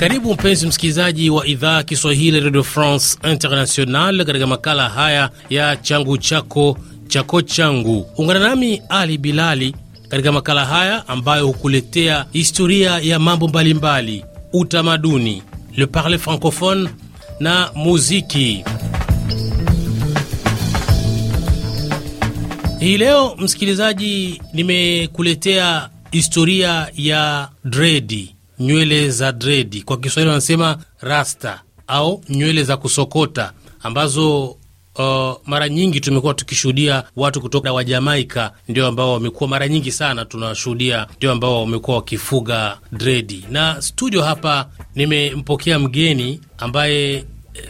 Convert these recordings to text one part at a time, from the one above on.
Karibu mpenzi msikilizaji wa idhaa Kiswahili Radio France International katika makala haya ya changu chako chako changu. Ungana nami Ali Bilali katika makala haya ambayo hukuletea historia ya mambo mbalimbali, utamaduni, le parle francophone na muziki. Hii leo msikilizaji, nimekuletea historia ya dredi nywele za dredi, kwa Kiswahili wanasema rasta au nywele za kusokota ambazo Uh, mara nyingi tumekuwa tukishuhudia watu kutoka wa Jamaika ndio ambao wamekuwa mara nyingi sana tunashuhudia ndio ambao wamekuwa wakifuga dredi. Na studio hapa nimempokea mgeni ambaye eh,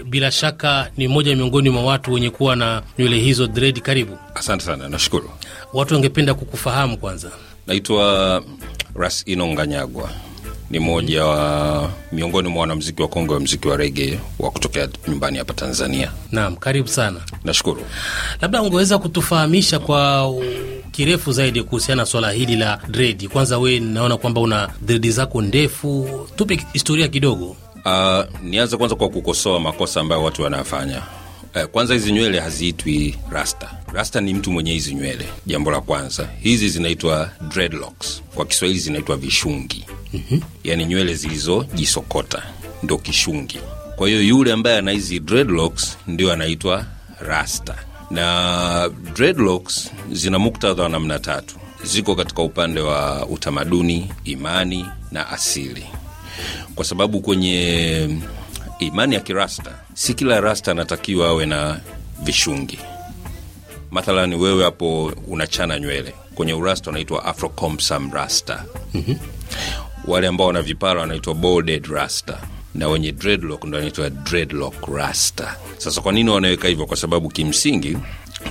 bila shaka ni mmoja miongoni mwa watu wenye kuwa na nywele hizo dredi. Karibu. Asante sana, nashukuru. Watu wangependa kukufahamu kwanza. Naitwa Ras Inonganyagwa ni mmoja wa miongoni mwa wanamziki wa kongwe wa mziki wa rege wa kutokea nyumbani hapa Tanzania. Naam, karibu sana. Nashukuru. Labda ungeweza kutufahamisha kwa kirefu zaidi kuhusiana na swala hili la dredi. Kwanza we, naona kwamba una dredi zako ndefu, tupe historia kidogo. Uh, nianze kwanza kwa kukosoa makosa ambayo watu wanayafanya. Eh, kwanza hizi nywele haziitwi rasta. Rasta ni mtu mwenye hizi nywele, jambo la kwanza. Hizi zinaitwa dreadlocks, kwa Kiswahili zinaitwa vishungi mm-hmm. yani nywele zilizojisokota ndo kishungi. Kwa hiyo yule ambaye ana hizi dreadlocks ndio anaitwa rasta, na dreadlocks zina muktadha wa namna tatu, ziko katika upande wa utamaduni, imani na asili, kwa sababu kwenye imani ya kirasta si kila rasta anatakiwa awe na vishungi. Mathalani wewe hapo unachana nywele kwenye urasta unaitwa afrocomsam rasta mm-hmm wale ambao wana vipara wanaitwa bolded rasta na wenye dreadlock ndo wanaitwa dreadlock rasta. Sasa kwa nini wanaweka hivyo? Kwa sababu kimsingi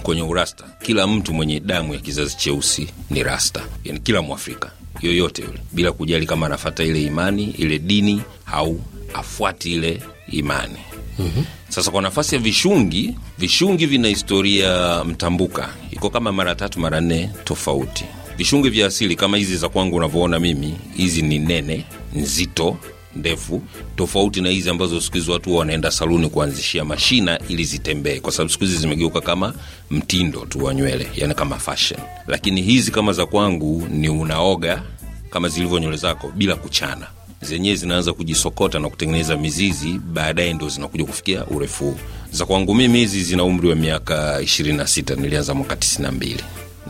kwenye urasta kila mtu mwenye damu ya kizazi cheusi ni rasta, yani kila Mwafrika yoyote yule, bila kujali kama anafata ile imani ile dini au afuati ile imani. Mm-hmm. Sasa kwa nafasi ya vishungi, vishungi vina historia mtambuka, iko kama mara tatu mara nne tofauti Vishungi vya asili kama hizi za kwangu unavyoona mimi, hizi ni nene nzito ndefu tofauti na hizi ambazo siku hizi watu wanaenda saluni kuanzishia mashina ili zitembee, kwa sababu siku hizi zimegeuka kama mtindo tu wa nywele, yani kama fashion. Lakini hizi kama za kwangu ni unaoga kama zilivyo nywele zako bila kuchana, zenyewe zinaanza kujisokota na kutengeneza mizizi, baadaye ndo zinakuja kufikia urefu Za kwangu mimi hizi zina umri wa miaka 26, nilianza mwaka 92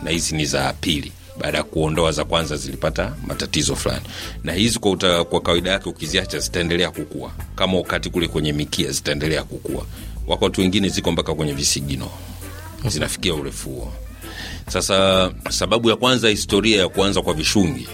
na hizi ni za pili baada ya kuondoa za kwanza zilipata matatizo fulani, na hizi kwa, uta, kwa kawaida yake ukiziacha zitaendelea kukua kama wakati kule kwenye mikia zitaendelea kukua. Wako watu wengine ziko mpaka kwenye visigino zinafikia urefu huo. Sasa sababu ya kwanza, historia ya kuanza kwa vishungi.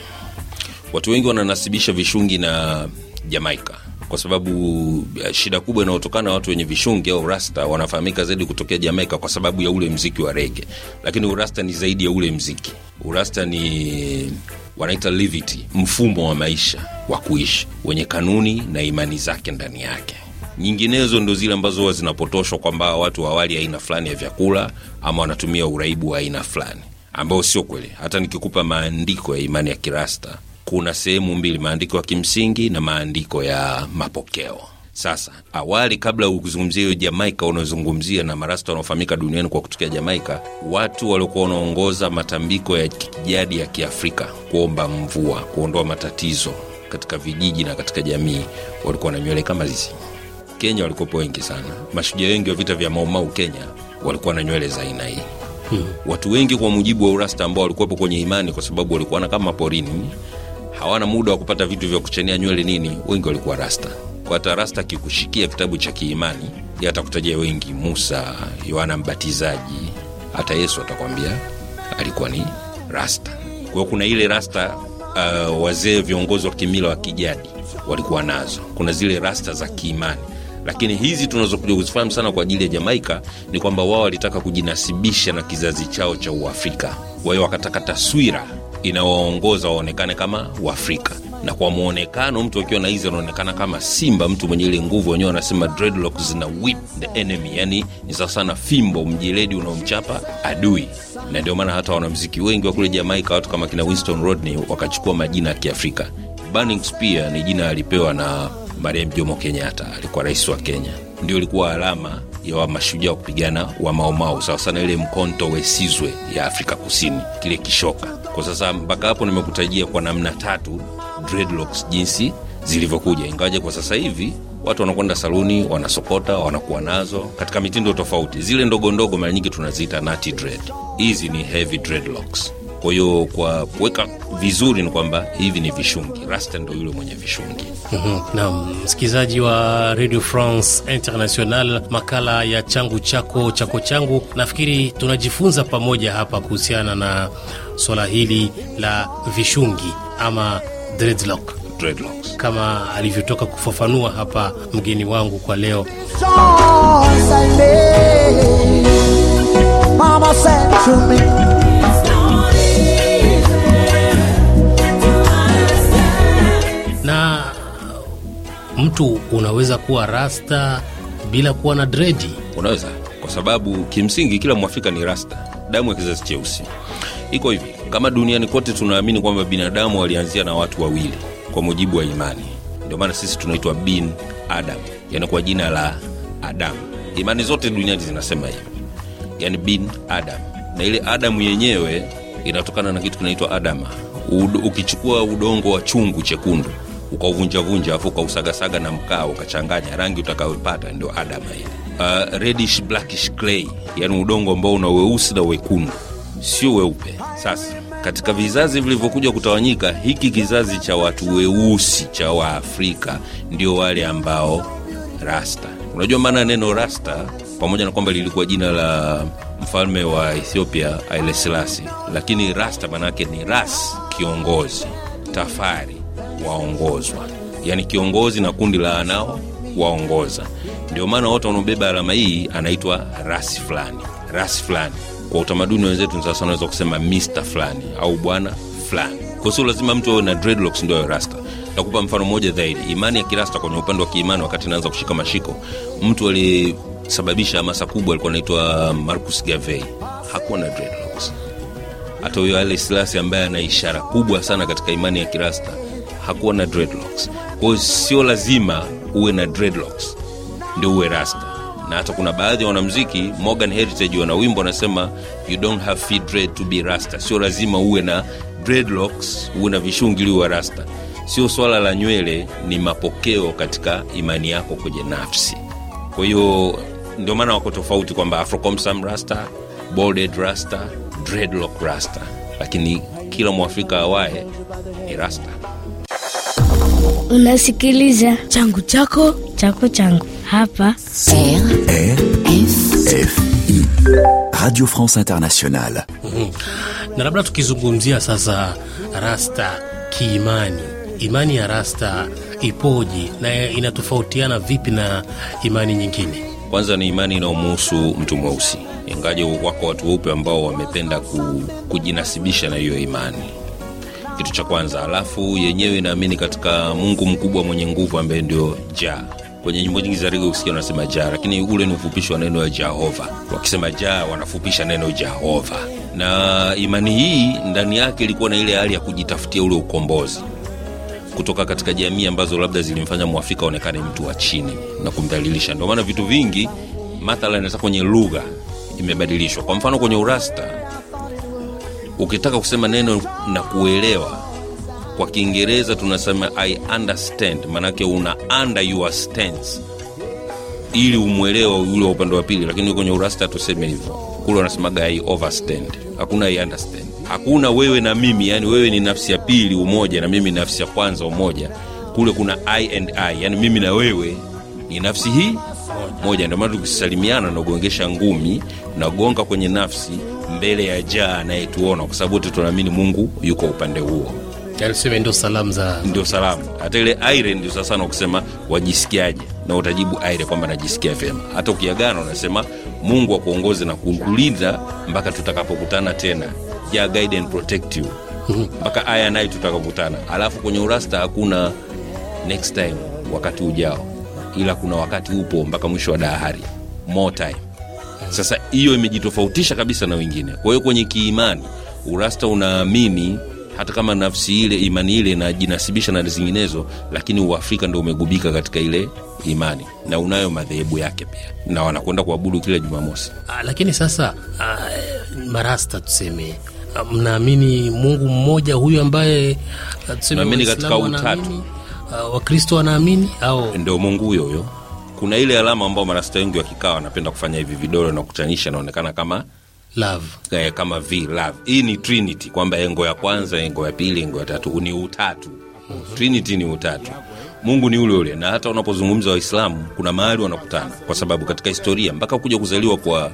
Watu wengi wananasibisha vishungi na Jamaika kwa sababu eh, shida kubwa inayotokana watu wenye vishungi au rasta wanafahamika zaidi kutokea Jamaika kwa sababu ya ule mziki wa rege, lakini urasta ni zaidi ya ule mziki. Urasta ni wanaita livity, mfumo wa maisha wa kuishi wenye kanuni na imani zake ndani yake nyinginezo ndo zile ambazo huwa zinapotoshwa kwamba watu wawali aina fulani ya vyakula ama wanatumia uraibu wa aina fulani, ambayo sio kweli. Hata nikikupa maandiko ya imani ya kirasta kuna sehemu mbili, maandiko ya kimsingi na maandiko ya mapokeo. Sasa awali, kabla ukuzungumzia hiyo Jamaika unaozungumzia na marasta wanaofahamika duniani kwa kutokea Jamaika, watu waliokuwa wanaongoza matambiko ya kijadi ya Kiafrika kuomba mvua, kuondoa matatizo katika vijiji na katika jamii, walikuwa na nywele kama hizi. Kenya walikuwepo wengi sana, mashujaa wengi wa vita vya Maumau Kenya walikuwa na nywele za aina hii. Hmm. Watu wengi kwa mujibu wa urasta ambao walikuwepo kwenye imani, kwa sababu walikuwa na kama porini hawana muda wa kupata vitu vya kuchania nywele nini, wengi walikuwa rasta. Kwa hata rasta akikushikia kitabu cha kiimani, atakutajia wengi, Musa, Yohana Mbatizaji, hata Yesu atakwambia alikuwa ni rasta. Kwa hiyo kuna ile rasta uh, wazee viongozi wa kimila wa kijadi walikuwa nazo, kuna zile rasta za kiimani lakini hizi tunazokuja kuzifahamu sana kwa ajili ya Jamaika ni kwamba wao walitaka kujinasibisha na kizazi chao cha Uafrika. Kwa hiyo wakataka taswira inawaongoza waonekane kama Waafrika na kwa mwonekano mtu akiwa na hizi anaonekana kama simba, mtu mwenye ile nguvu. Wenyewe wanasema zina whip the enemy, yani ni sawa sana fimbo mjeledi unaomchapa adui. Na ndio maana hata wanamziki wengi wa kule Jamaika, watu kama kina Winston Rodney wakachukua majina ya Kiafrika. Burning Spear ni jina alipewa na marehemu Jomo Kenyatta, alikuwa rais wa Kenya, ndio ilikuwa alama ya wamashujaa wa kupigana wa Maomao, sawa sana ile mkonto wesizwe ya Afrika Kusini, kile kishoka kwa sasa mpaka hapo nimekutajia kwa namna tatu dreadlocks jinsi zilivyokuja ingawaje kwa sasa hivi watu wanakwenda saluni wanasokota wanakuwa nazo katika mitindo tofauti zile ndogondogo mara nyingi tunaziita nati dread hizi ni heavy dreadlocks kwa hiyo kwa kuweka vizuri ni kwamba hivi ni vishungi. Rasta ndo yule mwenye vishungi. Mhm. Naam, msikilizaji wa Radio France International, makala ya changu chako chako changu, nafikiri tunajifunza pamoja hapa kuhusiana na swala hili la vishungi ama dreadlock. Dreadlocks. Kama alivyotoka kufafanua hapa mgeni wangu kwa leo Mama to me mtu unaweza kuwa rasta bila kuwa na dredi? Unaweza, kwa sababu kimsingi kila mwafrika ni rasta, damu ya kizazi cheusi. Iko hivi, kama duniani kote tunaamini kwamba binadamu walianzia na watu wawili kwa mujibu wa imani, ndio maana sisi tunaitwa bin Adam, yani kwa jina la Adamu. Imani zote duniani zinasema hivyo, yani bin Adam, na ile Adamu yenyewe inatokana na kitu kinaitwa Adama, ukichukua udongo wa chungu chekundu ukauvunjavunja afu ukausagasaga na mkaa ukachanganya rangi utakayopata ndio adama ile uh, ah, redish blackish clay yani udongo ambao una weusi na wekundu sio weupe sasa katika vizazi vilivyokuja kutawanyika hiki kizazi cha watu weusi cha waafrika ndio wale ambao rasta unajua maana neno rasta pamoja na kwamba lilikuwa jina la mfalme wa ethiopia aileslasi lakini rasta maanaake ni ras kiongozi tafari waongozwa, yani kiongozi na kundi la anao waongoza. Ndio maana wote wanaobeba alama hii anaitwa rasi fulani, rasi fulani. Kwa utamaduni wenzetu sasa unaweza kusema Mr fulani au bwana fulani, kwa sio lazima mtu awe na dreadlocks ndio awe rasta. Nakupa mfano mmoja zaidi, imani ya kirasta kwenye upande wa kiimani, wakati naanza kushika mashiko, mtu aliyesababisha hamasa kubwa alikuwa anaitwa Marcus Garvey, hakuwa na dreadlocks. Hata huyo Haile Selassie ambaye ana ishara kubwa sana katika imani ya kirasta hakuwa na dreadlocks. Kwa hiyo sio lazima uwe na dreadlocks ndio uwe rasta na hata kuna baadhi ya wanamziki Morgan Heritage wana wimbo anasema you don't have feed dread to be rasta. Sio lazima uwe na dreadlocks, uwe na vishungi uwe rasta. Sio swala la nywele, ni mapokeo katika imani yako kwenye nafsi. Kwa hiyo ndio maana wako tofauti kwamba Afrocomsam rasta, bolded rasta, dreadlock rasta, lakini kila mwafrika awaye ni rasta. Unasikiliza changu chako chako changu hapa RFI Radio France Internationale. Na labda tukizungumzia sasa rasta kiimani, imani ya rasta ipoje na inatofautiana vipi na imani nyingine? Kwanza ni imani inayomuhusu mtu mweusi, ingaje wako watu weupe ambao wamependa ku, kujinasibisha na hiyo imani kitu cha kwanza alafu yenyewe inaamini katika mungu mkubwa mwenye nguvu ambaye ndio ja kwenye nyimbo nyingi za rigo usikia wanasema ja lakini ule ni ufupishi wa neno ya jehova wakisema ja wanafupisha neno jehova na imani hii ndani yake ilikuwa na ile hali ya kujitafutia ule ukombozi kutoka katika jamii ambazo labda zilimfanya mwafrika aonekane mtu wa chini na kumdhalilisha ndio maana vitu vingi mathala kwenye lugha imebadilishwa kwa mfano kwenye urasta ukitaka kusema neno na kuelewa kwa kiingereza tunasema i understand maanake una under your stance ili umwelewa ule wa upande wa pili lakini kwenye urasta tuseme hivyo kule wanasemaga i overstand hakuna i understand hakuna wewe na mimi yani wewe ni nafsi ya pili umoja na mimi nafsi ya kwanza umoja kule kuna i and i yani mimi na wewe ni nafsi hii moja ndio maana tukisalimiana nagongesha ngumi nagonga kwenye nafsi mbele ya jaa anayetuona, kwa sababu wote tunaamini Mungu yuko upande huo. Yaani tuseme ndio salamu za ndio salamu, hata ile aire ndio sasa na kusema wajisikiaje, na utajibu aire kwamba najisikia vyema. Hata ukiagana unasema Mungu akuongoze na kukulinda mpaka tutakapokutana tena, ja guide and protect you mhm. mpaka aya naye tutakakutana. Alafu kwenye urasta hakuna next time, wakati ujao, ila kuna wakati upo mpaka mwisho wa dahari, more time. Sasa hiyo imejitofautisha kabisa na wengine. Kwa hiyo kwenye kiimani, urasta unaamini hata kama nafsi ile imani ile inajinasibisha na zinginezo, lakini uafrika ndo umegubika katika ile imani na unayo madhehebu yake pia, na wanakwenda kuabudu kila Jumamosi. Ah, lakini sasa a, ah, marasta tuseme ah, mnaamini Mungu mmoja huyu ambaye tuseme, katika utatu, Wakristo wanaamini au ndio Mungu huyo huyo kuna ile alama ambayo marasta wengi wakikaa wanapenda kufanya hivi vidole na kukutanisha, naonekana kama love. Eh, kama v love. Hii ni trinity, kwamba engo ya kwanza, engo ya pili, engo ya tatu ni utatu. Trinity ni utatu. Mungu ni ule ule, na hata unapozungumza Waislamu kuna mahali wanakutana, kwa sababu katika historia mpaka kuja kuzaliwa kwa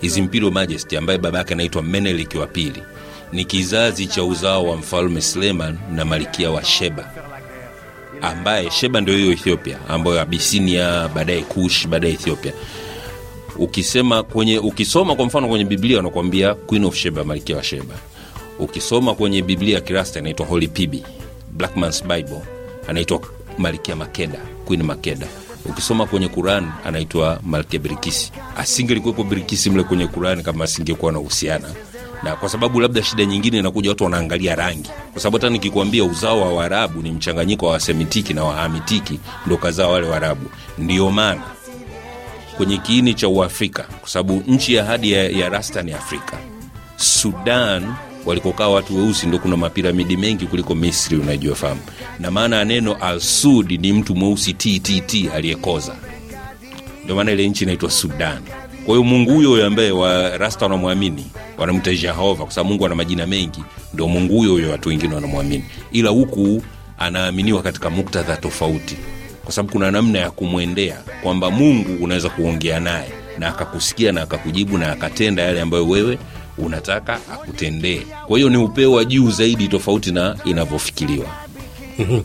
His Imperial Majesty ambaye baba yake anaitwa Menelik wa pili ni kizazi cha uzao wa mfalme Suleiman na malikia wa Sheba ambaye Sheba ndio hiyo Ethiopia ambayo Abisinia, baadaye Kush, baadaye Ethiopia. Ukisema kwenye, ukisoma kwa mfano kwenye Biblia wanakuambia Queen of Sheba, malkia wa Sheba. Ukisoma kwenye Biblia Kirasta anaitwa Holy Pibi, Blackman's Bible anaitwa malkia Makeda, Queen Makeda ukisoma kwenye Quran anaitwa malkia Birikisi. Asingelikuwepo Birikisi mle kwenye Quran kama asingekuwa na uhusiana na kwa sababu labda shida nyingine inakuja, watu wanaangalia rangi, kwa sababu hata nikikwambia uzao wa Waarabu ni mchanganyiko wa Wasemitiki na Wahamitiki, ndo kazao wale Waarabu. Ndio maana kwenye kiini cha Uafrika, kwa sababu nchi ya hadi ya, ya rasta ni Afrika. Sudan walikokaa watu weusi ndo kuna mapiramidi mengi kuliko Misri, unajua fahamu, Na maana ya neno Alsud ni mtu mweusi tt aliyekoza, ndio maana ile nchi inaitwa Sudani. Kwa hiyo Mungu huyo huyo ambaye Warasta wanamwamini wanamta Jehova, kwa sababu Mungu ana majina mengi, ndo Mungu huyo huyo watu wengine wanamwamini, ila huku anaaminiwa katika muktadha tofauti, kwa sababu kuna namna ya kumwendea kwamba Mungu unaweza kuongea naye na akakusikia na akakujibu na akatenda yale ambayo wewe unataka akutendee. Kwa hiyo ni upeo wa juu zaidi, tofauti na inavyofikiriwa. Mhm.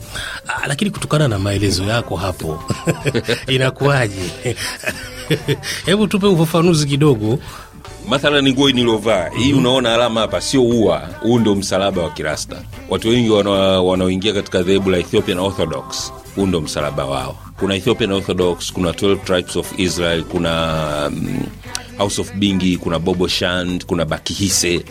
Ah, lakini kutokana na maelezo yako hapo inakuwaje? Hebu tupe ufafanuzi kidogo. Mathalan, ni nguo niliovaa hii, mhm. unaona alama hapa, sio ua. Huu ndio msalaba wa Kirasta. Watu wengi wanaoingia katika dhehebu la Ethiopian Orthodox, huu ndio msalaba wao. Kuna Ethiopian Orthodox, kuna 12 Tribes of Israel, kuna um, House of Bingi, kuna Bobo Shand, kuna Bakihise.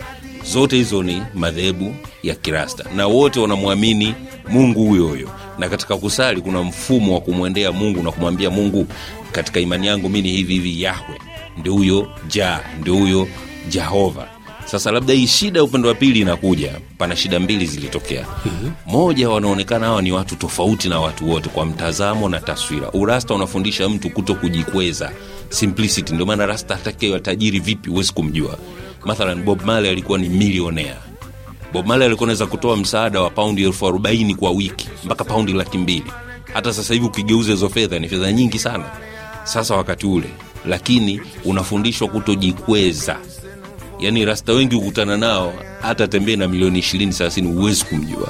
Zote hizo ni madhehebu ya Kirasta na wote wanamwamini Mungu huyo huyo na katika kusali kuna mfumo wa kumwendea Mungu na kumwambia Mungu, katika imani yangu mi ni hivi hivi, Yahwe ndi huyo, ja ndi huyo Jehova. Sasa labda hii shida ya upande wa pili inakuja. Pana shida mbili zilitokea. mm -hmm. Moja, wanaonekana hawa ni watu tofauti na watu wote kwa mtazamo na taswira. Urasta unafundisha mtu kuto kujikweza, simplicity. Ndio maana rasta hatakiwa tajiri vipi, huwezi kumjua. Mathalan, Bob male alikuwa ni milionea Bob Marley alikuwa anaweza kutoa msaada wa paundi elfu arobaini kwa wiki mpaka paundi laki mbili. Hata sasa hivi ukigeuza hizo fedha ni fedha nyingi sana sasa wakati ule, lakini unafundishwa kutojikweza. Yani rasta wengi hukutana nao, hata tembee na milioni ishirini thelathini huwezi kumjua,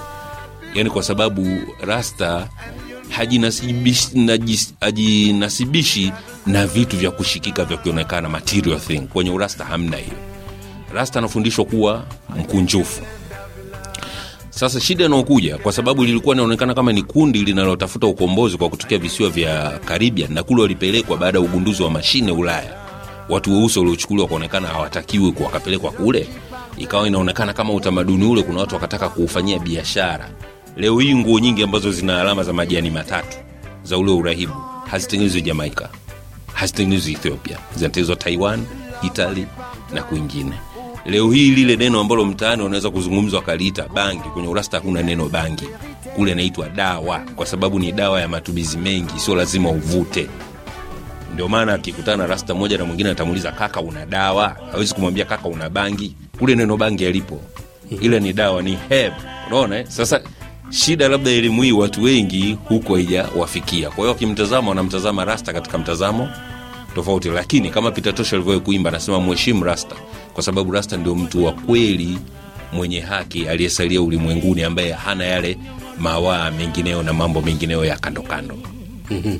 yani kwa sababu rasta hajinasibishi na vitu vya kushikika vya kuonekana, material thing. Kwenye urasta hamna hiyo. Rasta anafundishwa kuwa mkunjufu. Sasa shida inaokuja kwa sababu lilikuwa inaonekana kama ni kundi linalotafuta ukombozi kwa kutokea visiwa vya Caribbean, na kule walipelekwa baada ya ugunduzi wa mashine Ulaya. Watu weusi waliochukuliwa kuonekana hawatakiwi wakapelekwa kule, ikawa inaonekana kama utamaduni ule kuna watu wakataka kuufanyia biashara. Leo hii nguo nyingi ambazo zina alama za majani matatu za ule urahibu hazitengenezwi Jamaika, hazitengenezwi Ethiopia, zinatengenezwa Taiwan, Itali na kwingine. Leo hii lile neno ambalo mtaani wanaweza kuzungumza wakaliita bangi, kwenye urasta hakuna neno bangi, kule naitwa dawa, kwa sababu ni dawa ya matumizi mengi, sio lazima uvute. Ndio maana akikutana rasta moja na mwingine atamuuliza kaka, una dawa? awezi kumwambia kaka, una bangi. Kule neno bangi alipo, ile ni dawa, ni herb. Unaona eh? sasa shida labda elimu hii watu wengi huko haijawafikia. Kwa hiyo wakimtazama, wanamtazama rasta katika mtazamo tofauti, lakini kama Peter Tosh alivyokuimba, anasema mheshimu rasta kwa sababu Rasta ndio mtu wa kweli mwenye haki aliyesalia ulimwenguni ambaye hana yale mawaa mengineo na mambo mengineo ya kando kando. mm -hmm.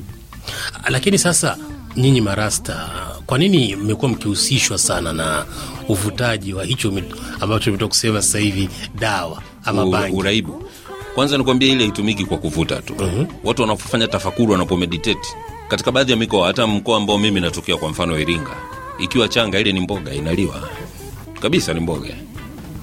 Lakini sasa nyinyi marasta, kwa nini mmekuwa mkihusishwa sana na uvutaji wa hicho ambacho imetoka kusema sasa hivi dawa ama bangi, uraibu? Kwanza nikuambia, ile haitumiki kwa kuvuta tu. mm -hmm. Watu wanapofanya tafakuru, wanapomeditate katika baadhi ya mikoa, hata mkoa ambao mimi natokea, kwa mfano Iringa ikiwa changa, ile ni mboga inaliwa kabisa, ni mboga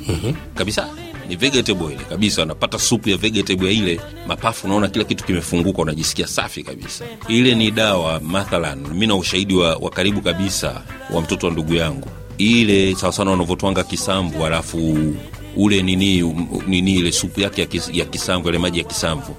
mm-hmm. kabisa ni vegetable ile kabisa, anapata supu ya vegetable ile, mapafu unaona kila kitu kimefunguka, unajisikia safi kabisa. Ile ni dawa. Mathalan, mi na ushahidi wa, wa karibu kabisa wa mtoto wa ndugu yangu, ile sawasawa unavyotwanga kisambu alafu ule nini um, nini, ile supu yake ya, kis, ya kisamvu, ile maji ya kisamvu,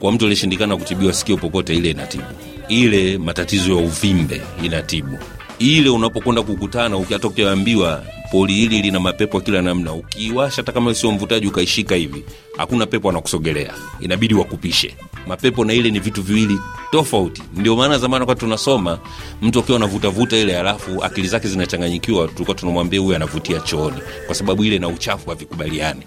kwa mtu aliyeshindikana kutibiwa sikio popote, ile inatibu ile matatizo ya uvimbe inatibu ile unapokwenda kukutana, hata ukiambiwa poli hili lina mapepo kila namna, ukiwasha hata kama sio mvutaji ukaishika hivi, hakuna pepo anakusogelea, inabidi wakupishe. Mapepo na ile ni vitu viwili tofauti. Ndio maana zamani kwa tunasoma mtu akiwa anavutavuta ile, alafu akili zake zinachanganyikiwa, tulikuwa tunamwambia huyu anavutia chooni, kwa sababu ile na uchafu havikubaliani.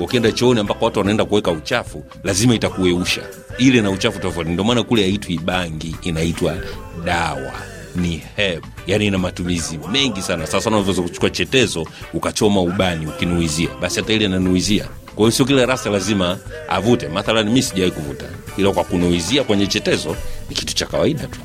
Ukienda chooni ambako watu wanaenda kuweka uchafu, lazima itakueusha ile na uchafu tofauti. Ndio maana kule haitwi bangi, inaitwa dawa ni he yani ina matumizi mengi sana. Sasa unaweza kuchukua chetezo ukachoma ubani ukinuizia, basi hata ile inanuizia kwa hiyo sio kila rasta lazima avute. Mathalan, mi sijawai kuvuta, ila kwa kunuizia kwenye chetezo ni kitu cha kawaida tu.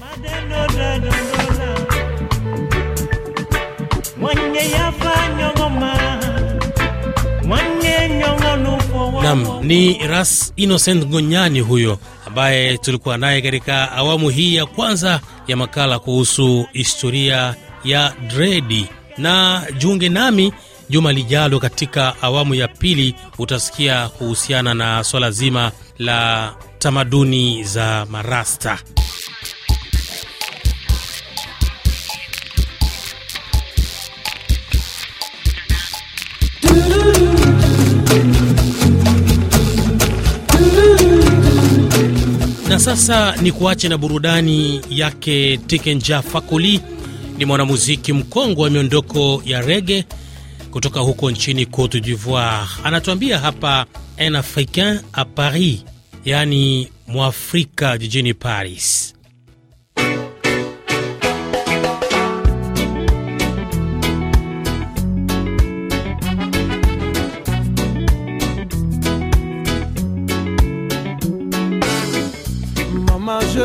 Nam ni Ras Innocent Gonyani huyo ambaye tulikuwa naye katika awamu hii ya kwanza ya makala kuhusu historia ya dredi, na jiunge nami juma lijalo katika awamu ya pili. Utasikia kuhusiana na swala zima la tamaduni za Marasta. Na sasa ni kuache na burudani yake. Tikenja Fakuli ni mwanamuziki mkongwe wa miondoko ya rege kutoka huko nchini Cote d'Ivoire. Anatuambia hapa un africain a Paris, yaani mwafrika jijini Paris.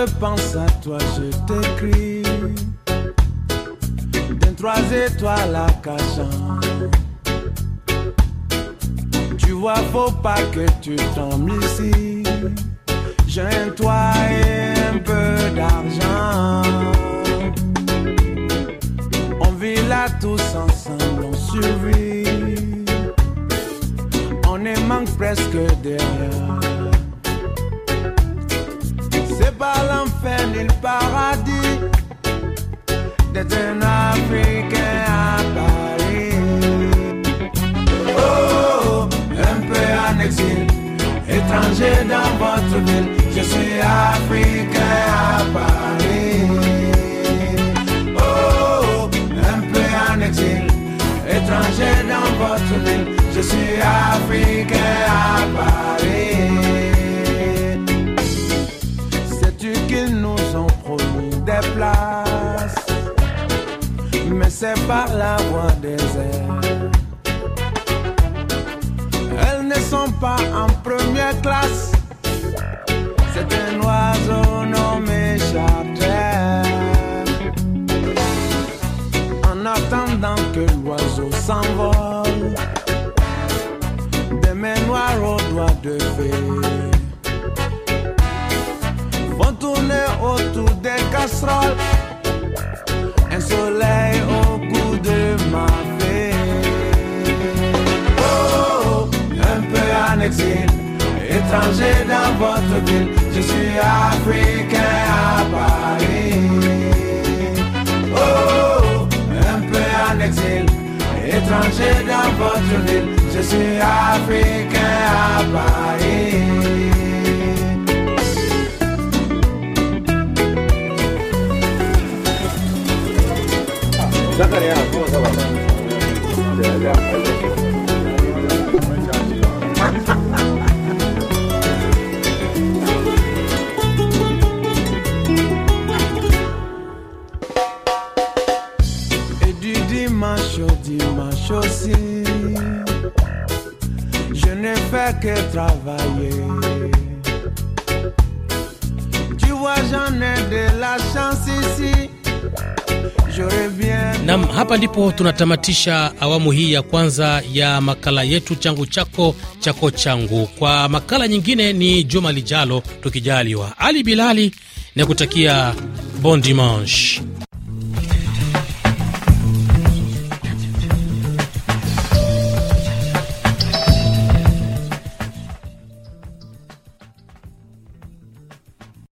je pense à toi, je t'écris. D'un trois étoiles à Tu vois, faut pas que tu tombes ici. J'ai un toit et un peu d'argent. On vit là tous ensemble, on survit. On est manque presque derrière. petit Africain à Paris. Sais-tu qu'ils nous ont promis des places, mais c'est par la voie des airs. Elles ne sont pas en première classe, c'est un oiseau nommé Chardel. En attendant que l'oiseau s'envole, de fées. Vont tourner autour des casseroles, un soleil au bout de ma fée. Oh, un peu en exil, étranger dans votre ville, je suis africain à Paris. Oh, un peu en exil, étranger dans votre ville. Ese Africain apparaît. Zacharia, comment ça va je ne fais que travailler. Tu vois, j'en ai de la chance ici. Nam, hapa ndipo tunatamatisha awamu hii ya kwanza ya makala yetu changu chako chako changu. Kwa makala nyingine ni juma lijalo, tukijaliwa. Ali Bilali nakutakia bon dimanche.